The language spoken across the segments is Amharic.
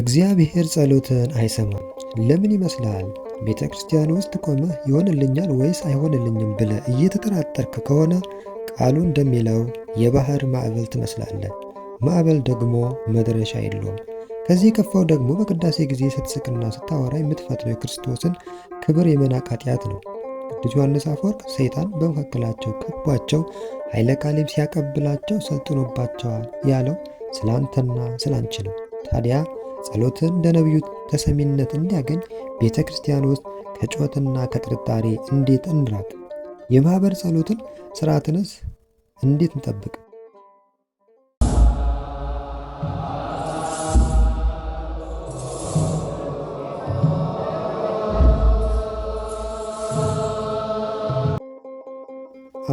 እግዚአብሔር ጸሎትን አይሰማም። ለምን ይመስላል ቤተ ክርስቲያን ውስጥ ቆመህ ይሆንልኛል ወይስ አይሆንልኝም ብለ እየተጠራጠርክ ከሆነ ቃሉ እንደሚለው የባህር ማዕበል ትመስላለህ። ማዕበል ደግሞ መድረሻ የለውም። ከዚህ የከፋው ደግሞ በቅዳሴ ጊዜ ስትስቅና ስታወራ የምትፈጥረው የክርስቶስን ክብር የመናቅ ኃጢአት ነው። ቅዱስ ዮሐንስ አፈወርቅ ሰይጣን በመካከላቸው ከቧቸው ኃይለ ቃሌም ሲያቀብላቸው ሰልጥኖባቸዋል ያለው ስለ አንተና ስለ አንቺ ነው። ታዲያ ጸሎትን እንደ ነቢዩ ተሰሚነት እንዲያገኝ ቤተ ክርስቲያን ውስጥ ከጩኸትና ከጥርጣሬ እንዴት እንራቅ? የማኅበር ጸሎትን ሥርዓትንስ እንዴት እንጠብቅ?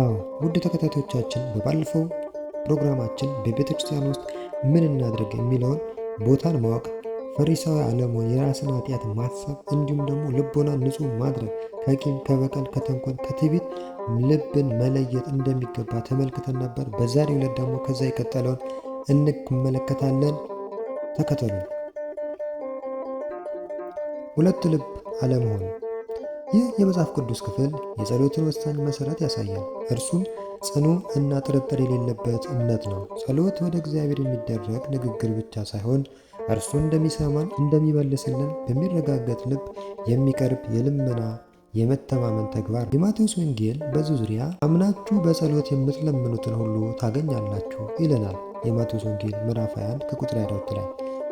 አዎ ውድ ተከታታዮቻችን በባለፈው ፕሮግራማችን በቤተ ክርስቲያን ውስጥ ምን እናድርግ የሚለውን ቦታን ማወቅ ፈሪሳዊ አለመሆን፣ የራስን ኃጢአት ማሰብ እንዲሁም ደግሞ ልቦና ንጹህ ማድረግ፣ ከቂም፣ ከበቀል፣ ከተንኮል፣ ከትዕቢት ልብን መለየት እንደሚገባ ተመልክተን ነበር። በዛሬው ዕለት ደግሞ ከዛ የቀጠለውን እንመለከታለን። ተከተሉ። ሁለት ልብ አለመሆን። ይህ የመጽሐፍ ቅዱስ ክፍል የጸሎትን ወሳኝ መሠረት ያሳያል። እርሱም ጽኑ እና ጥርጥር የሌለበት እምነት ነው። ጸሎት ወደ እግዚአብሔር የሚደረግ ንግግር ብቻ ሳይሆን እርሱ እንደሚሰማን እንደሚመልስልን በሚረጋገጥ ልብ የሚቀርብ የልመና የመተማመን ተግባር። የማቴዎስ ወንጌል በዚህ ዙሪያ አምናችሁ በጸሎት የምትለምኑትን ሁሉ ታገኛላችሁ ይለናል። የማቴዎስ ወንጌል ምዕራፍ 21 ከቁጥር 22 ላይ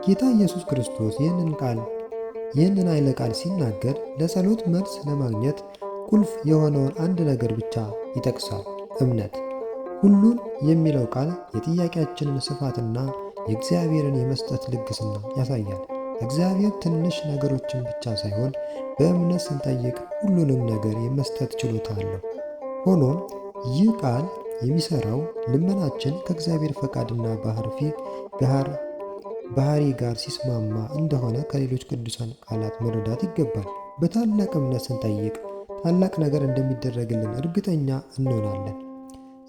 ጌታ ኢየሱስ ክርስቶስ ይህንን ቃል ይህንን ኃይለ ቃል ሲናገር ለጸሎት መልስ ለማግኘት ቁልፍ የሆነውን አንድ ነገር ብቻ ይጠቅሳል፣ እምነት። ሁሉን የሚለው ቃል የጥያቄያችንን ስፋትና የእግዚአብሔርን የመስጠት ልግስና ያሳያል። እግዚአብሔር ትንሽ ነገሮችን ብቻ ሳይሆን በእምነት ስንጠይቅ ሁሉንም ነገር የመስጠት ችሎታ አለው። ሆኖም ይህ ቃል የሚሰራው ልመናችን ከእግዚአብሔር ፈቃድና ባህር ባህሪ ጋር ሲስማማ እንደሆነ ከሌሎች ቅዱሳን ቃላት መረዳት ይገባል። በታላቅ እምነት ስንጠይቅ ታላቅ ነገር እንደሚደረግልን እርግጠኛ እንሆናለን።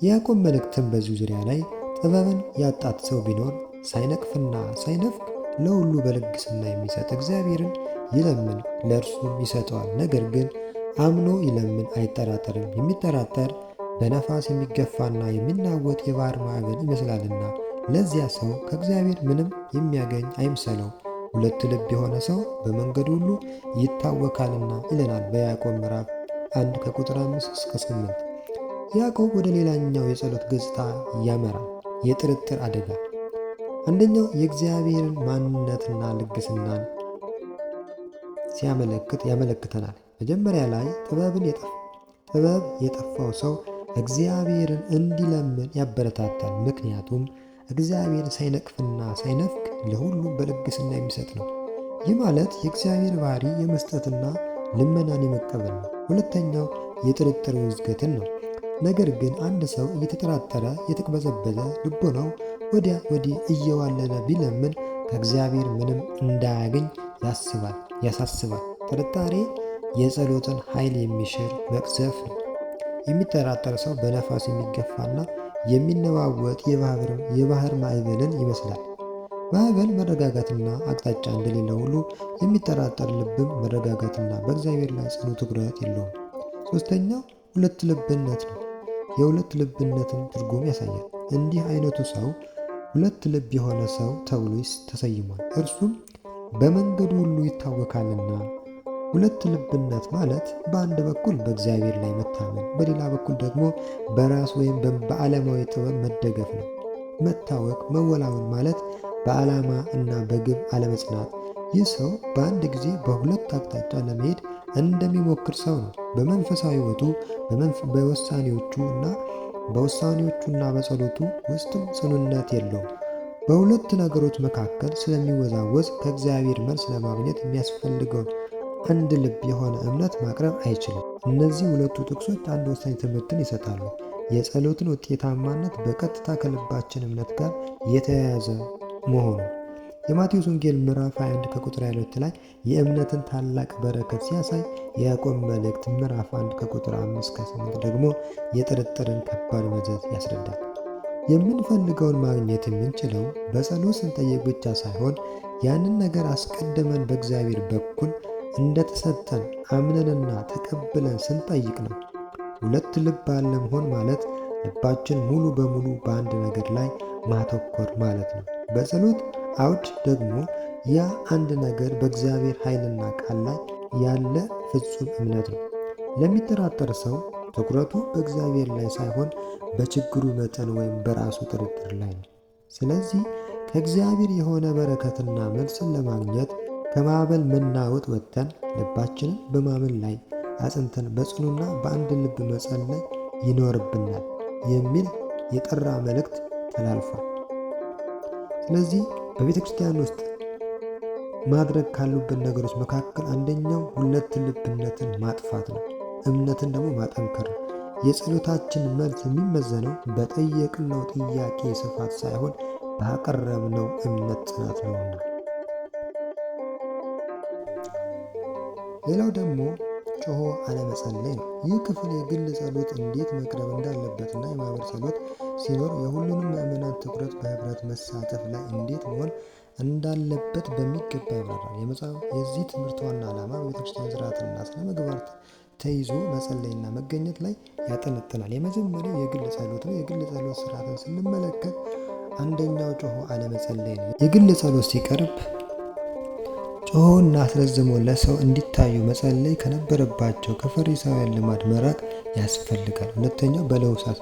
የያዕቆብ መልእክትም በዚሁ ዙሪያ ላይ ጥበብን ያጣት ሰው ቢኖር ሳይነቅፍና ሳይነፍቅ ለሁሉ በልግስና የሚሰጥ እግዚአብሔርን ይለምን ለእርሱም ይሰጠዋል። ነገር ግን አምኖ ይለምን አይጠራጠርም። የሚጠራጠር በነፋስ የሚገፋና የሚናወጥ የባህር ማዕበል ይመስላልና ለዚያ ሰው ከእግዚአብሔር ምንም የሚያገኝ አይምሰለው። ሁለት ልብ የሆነ ሰው በመንገድ ሁሉ ይታወካልና ይለናል በያዕቆብ ምዕራፍ አንድ ከቁጥር አምስት እስከ 8። ያዕቆብ ወደ ሌላኛው የጸሎት ገጽታ ያመራል፣ የጥርጥር አደጋ አንደኛው የእግዚአብሔርን ማንነትና ልግስናን ሲያመለክት ያመለክተናል። መጀመሪያ ላይ ጥበብን ጥበብ የጠፋው ሰው እግዚአብሔርን እንዲለምን ያበረታታል። ምክንያቱም እግዚአብሔር ሳይነቅፍና ሳይነፍቅ ለሁሉም በልግስና የሚሰጥ ነው። ይህ ማለት የእግዚአብሔር ባህሪ የመስጠትና ልመናን የመቀበል ነው። ሁለተኛው የጥርጥር ውዝገትን ነው። ነገር ግን አንድ ሰው እየተጠራጠረ የተቅበዘበዘ ልቦናው ወዲያ ወዲህ እየዋለለ ቢለምን ከእግዚአብሔር ምንም እንዳያገኝ ያስባል ያሳስባል። ጥርጣሬ የጸሎትን ኃይል የሚሽር መቅዘፍ ነው። የሚጠራጠር ሰው በነፋስ የሚገፋና የሚነዋወጥ የባህር ማዕበልን ይመስላል። ማዕበል መረጋጋትና አቅጣጫ እንደሌለ ሁሉ የሚጠራጠር ልብም መረጋጋትና በእግዚአብሔር ላይ ጽኑ ትኩረት የለውም። ሶስተኛው ሁለት ልብነት ነው። የሁለት ልብነትን ትርጉም ያሳያል። እንዲህ አይነቱ ሰው ሁለት ልብ የሆነ ሰው ተብሎ ተሰይሟል። እርሱም በመንገዱ ሁሉ ይታወካልና። ሁለት ልብነት ማለት በአንድ በኩል በእግዚአብሔር ላይ መታመን፣ በሌላ በኩል ደግሞ በራስ ወይም በዓለማዊ ጥበብ መደገፍ ነው። መታወቅ መወላወል ማለት በዓላማ እና በግብ አለመጽናት። ይህ ሰው በአንድ ጊዜ በሁለት አቅጣጫ ለመሄድ እንደሚሞክር ሰው ነው። በመንፈሳዊ ሕይወቱ፣ በወሳኔዎቹ እና በውሳኔዎቹና በጸሎቱ ውስጥም ጽኑነት የለውም። በሁለት ነገሮች መካከል ስለሚወዛወዝ ከእግዚአብሔር መልስ ለማግኘት የሚያስፈልገውን አንድ ልብ የሆነ እምነት ማቅረብ አይችልም። እነዚህ ሁለቱ ጥቅሶች አንድ ወሳኝ ትምህርትን ይሰጣሉ። የጸሎትን ውጤታማነት በቀጥታ ከልባችን እምነት ጋር የተያያዘ መሆኑ የማቴዎስ ወንጌል ምዕራፍ 21 ከቁጥር 22 ላይ የእምነትን ታላቅ በረከት ሲያሳይ፣ የያዕቆብ መልእክት ምዕራፍ 1 ከቁጥር 5 ከ 8 ደግሞ የጥርጥርን ከባድ መዘዝ ያስረዳል። የምንፈልገውን ማግኘት የምንችለው በጸሎት ስንጠየቅ ብቻ ሳይሆን ያንን ነገር አስቀድመን በእግዚአብሔር በኩል እንደተሰጠን አምነንና ተቀብለን ስንጠይቅ ነው። ሁለት ልብ አለመሆን ማለት ልባችን ሙሉ በሙሉ በአንድ ነገር ላይ ማተኮር ማለት ነው። በጸሎት አውድ ደግሞ ያ አንድ ነገር በእግዚአብሔር ኃይልና ቃል ላይ ያለ ፍጹም እምነት ነው። ለሚጠራጠር ሰው ትኩረቱ በእግዚአብሔር ላይ ሳይሆን በችግሩ መጠን ወይም በራሱ ጥርጥር ላይ ነው። ስለዚህ ከእግዚአብሔር የሆነ በረከትና መልስን ለማግኘት ከማዕበል መናወጥ ወጥተን ልባችንን በማመን ላይ አጽንተን በጽኑና በአንድ ልብ መጸለይ ይኖርብናል የሚል የጠራ መልእክት ተላልፏል። ስለዚህ በቤተ ክርስቲያን ውስጥ ማድረግ ካሉብን ነገሮች መካከል አንደኛው ሁለት ልብነትን ማጥፋት ነው። እምነትን ደግሞ ማጠንከር ነው። የጸሎታችን መልስ የሚመዘነው በጠየቅነው ጥያቄ ስፋት ሳይሆን ባቀረብነው እምነት ጽናት ነውና። ሌላው ደግሞ ጮሆ አለመጸለይ ነው። ይህ ክፍል የግል ጸሎት እንዴት መቅረብ እንዳለበትና የማህበር ጸሎት ሲኖር የሁሉንም ምዕመናን ትኩረት በህብረት መሳተፍ ላይ እንዴት መሆን እንዳለበት በሚገባ የመጽሐፍ የዚህ ትምህርት ዋና ዓላማ ቤተክርስቲያን ስርዓትና ስነ ምግባር ተይዞ መጸለይና መገኘት ላይ ያጠነጥናል። የመጀመሪያው የግል ጸሎት ነው። የግል ጸሎት ስርዓትን ስንመለከት አንደኛው ጮሆ አለመጸለይ ነው። የግል ጸሎት ሲቀርብ ጮሆና አስረዝሞ ለሰው እንዲታዩ መጸለይ ከነበረባቸው ከፈሪሳውያን ልማድ መራቅ ያስፈልጋል። ሁለተኛው በለውሳት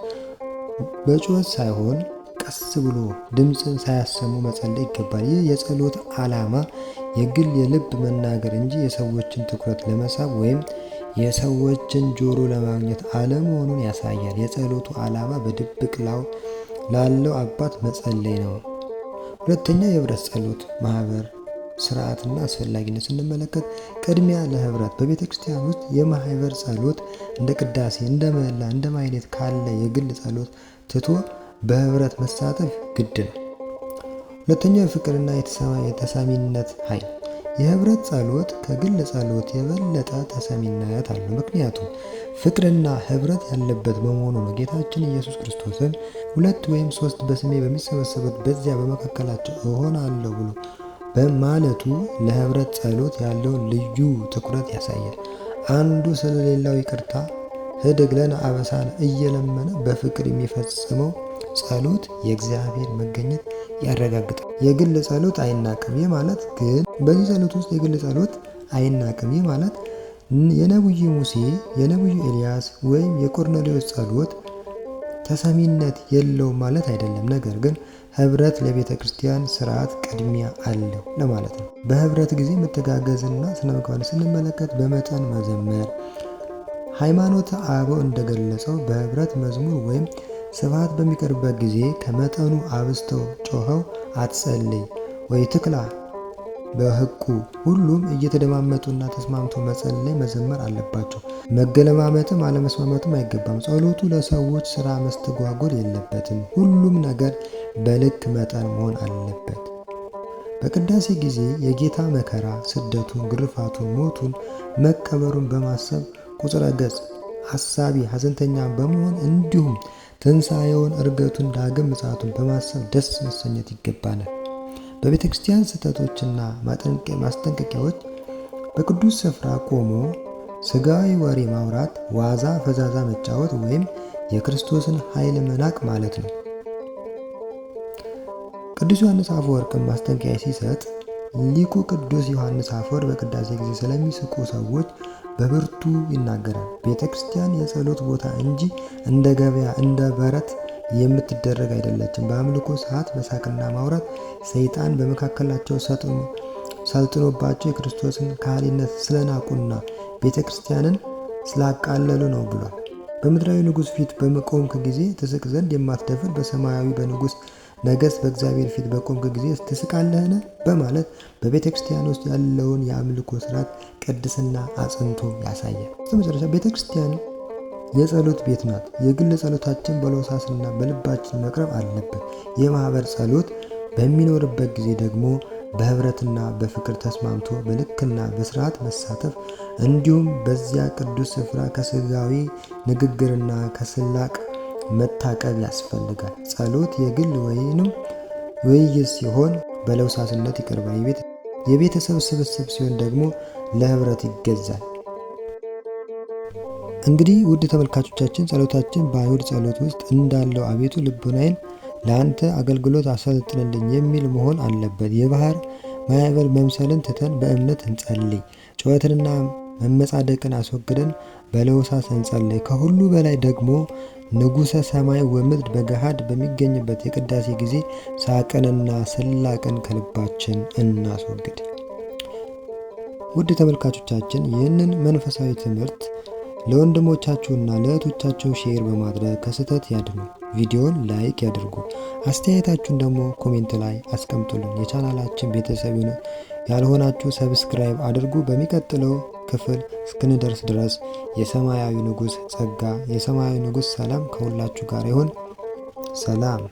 በጩኸት ሳይሆን ቀስ ብሎ ድምፅን ሳያሰሙ መጸለይ ይገባል። ይህ የጸሎት ዓላማ የግል የልብ መናገር እንጂ የሰዎችን ትኩረት ለመሳብ ወይም የሰዎችን ጆሮ ለማግኘት አለመሆኑን ያሳያል። የጸሎቱ ዓላማ በድብቅ ላለው አባት መጸለይ ነው። ሁለተኛ የህብረት ጸሎት ማህበር ስርዓትና አስፈላጊነት ስንመለከት ቅድሚያ ለህብረት በቤተ ክርስቲያን ውስጥ የማህበር ጸሎት እንደ ቅዳሴ፣ እንደ ምህላ፣ እንደ ማይሌት ካለ የግል ጸሎት ትቶ በህብረት መሳተፍ ግድ ነው። ሁለተኛው የፍቅርና የተሳሚነት ኃይል የህብረት ጸሎት ከግል ጸሎት የበለጠ ተሰሚነት አለው። ምክንያቱም ፍቅርና ህብረት ያለበት በመሆኑ ነው። ጌታችን ኢየሱስ ክርስቶስን ሁለት ወይም ሶስት በስሜ በሚሰበሰቡት በዚያ በመካከላቸው እሆናለሁ ብሎ በማለቱ ለህብረት ጸሎት ያለውን ልዩ ትኩረት ያሳያል። አንዱ ስለሌላው ይቅርታ ህድግለን አበሳን እየለመነ በፍቅር የሚፈጽመው ጸሎት የእግዚአብሔር መገኘት ያረጋግጣል። የግል ጸሎት አይናቅም። ይህ ማለት ግን በዚህ ጸሎት ውስጥ የግል ጸሎት አይናቅም። ይህ ማለት የነብዩ ሙሴ፣ የነብዩ ኤልያስ ወይም የቆርኔሌዎስ ጸሎት ተሰሚነት የለውም ማለት አይደለም። ነገር ግን ህብረት ለቤተ ክርስቲያን ስርዓት ቅድሚያ አለው ለማለት ነው። በህብረት ጊዜ መተጋገዝና ስነ ስንመለከት በመጠን መዘመር ሃይማኖት አበው እንደገለጸው በህብረት መዝሙር ወይም ስብሐት በሚቀርብበት ጊዜ ከመጠኑ አብዝተው ጮኸው አትጸልይ ወይ ትክላ በህቁ ሁሉም እየተደማመጡና ተስማምተው መጸለይ መዘመር አለባቸው። መገለማመጥም አለመስማማትም አይገባም። ጸሎቱ ለሰዎች ስራ መስተጓጎል የለበትም። ሁሉም ነገር በልክ መጠን መሆን አለበት። በቅዳሴ ጊዜ የጌታ መከራ፣ ስደቱን፣ ግርፋቱን፣ ሞቱን፣ መቀበሩን በማሰብ ቁጽረ ገጽ አሳቢ ሐዘንተኛ በመሆን እንዲሁም ትንሣኤውን፣ እርገቱን፣ ዳግም ምጽአቱን በማሰብ ደስ መሰኘት ይገባናል። በቤተ ክርስቲያን ስህተቶችና ማስጠንቀቂያዎች በቅዱስ ስፍራ ቆሞ ሥጋዊ ወሬ ማውራት፣ ዋዛ ፈዛዛ መጫወት ወይም የክርስቶስን ኃይል መናቅ ማለት ነው። ቅዱስ ዮሐንስ አፈወርቅን ማስጠንቀቂያ ሲሰጥ ሊቁ ቅዱስ ዮሐንስ አፈወርቅ በቅዳሴ ጊዜ ስለሚስቁ ሰዎች በብርቱ ይናገራል። ቤተ ክርስቲያን የጸሎት ቦታ እንጂ እንደ ገበያ እንደ በረት የምትደረግ አይደለችም። በአምልኮ ሰዓት መሳቅና ማውራት ሰይጣን በመካከላቸው ሰልጥኖባቸው የክርስቶስን ካህሊነት ስለናቁና ቤተ ክርስቲያንን ስላቃለሉ ነው ብሏል። በምድራዊ ንጉሥ ፊት በመቆምክ ጊዜ ትስቅ ዘንድ የማትደፍር በሰማያዊ በንጉሥ ነገስ በእግዚአብሔር ፊት በቆምክ ጊዜ ትስቃለህን? በማለት በቤተ ክርስቲያን ውስጥ ያለውን የአምልኮ ስርዓት ቅድስና አጽንቶ ያሳያል። በመጨረሻ ቤተ ክርስቲያን የጸሎት ቤት ናት። የግል ጸሎታችን በሎሳስና በልባችን መቅረብ አለበት። የማህበር ጸሎት በሚኖርበት ጊዜ ደግሞ በህብረትና በፍቅር ተስማምቶ በልክና በስርዓት መሳተፍ እንዲሁም በዚያ ቅዱስ ስፍራ ከስጋዊ ንግግርና ከስላቅ መታቀብ ያስፈልጋል። ጸሎት የግል ወይንም ውይይት ሲሆን በለውሳስነት ይቀርባል። የቤት የቤተሰብ ስብስብ ሲሆን ደግሞ ለህብረት ይገዛል። እንግዲህ ውድ ተመልካቾቻችን ጸሎታችን በአይሁድ ጸሎት ውስጥ እንዳለው አቤቱ ልቡናዬን ለአንተ አገልግሎት አሰልጥንልኝ የሚል መሆን አለበት። የባህር ማዕበል መምሰልን ትተን በእምነት እንጸልይ። ጩኸትንና መመጻደቅን አስወግደን በለውሳት እንጸልይ። ከሁሉ በላይ ደግሞ ንጉሠ ሰማይ ወምድር በገሃድ በሚገኝበት የቅዳሴ ጊዜ ሳቅንና ስላቅን ከልባችን እናስወግድ። ውድ ተመልካቾቻችን ይህንን መንፈሳዊ ትምህርት ለወንድሞቻችሁና ለእህቶቻችሁ ሼር በማድረግ ከስህተት ያድኑ። ቪዲዮን ላይክ ያድርጉ። አስተያየታችሁን ደግሞ ኮሜንት ላይ አስቀምጡልን። የቻናላችን ቤተሰብ ያልሆናችሁ ሰብስክራይብ አድርጉ። በሚቀጥለው ክፍል እስክንደርስ ድረስ የሰማያዊ ንጉሥ ጸጋ፣ የሰማያዊ ንጉሥ ሰላም ከሁላችሁ ጋር ይሁን። ሰላም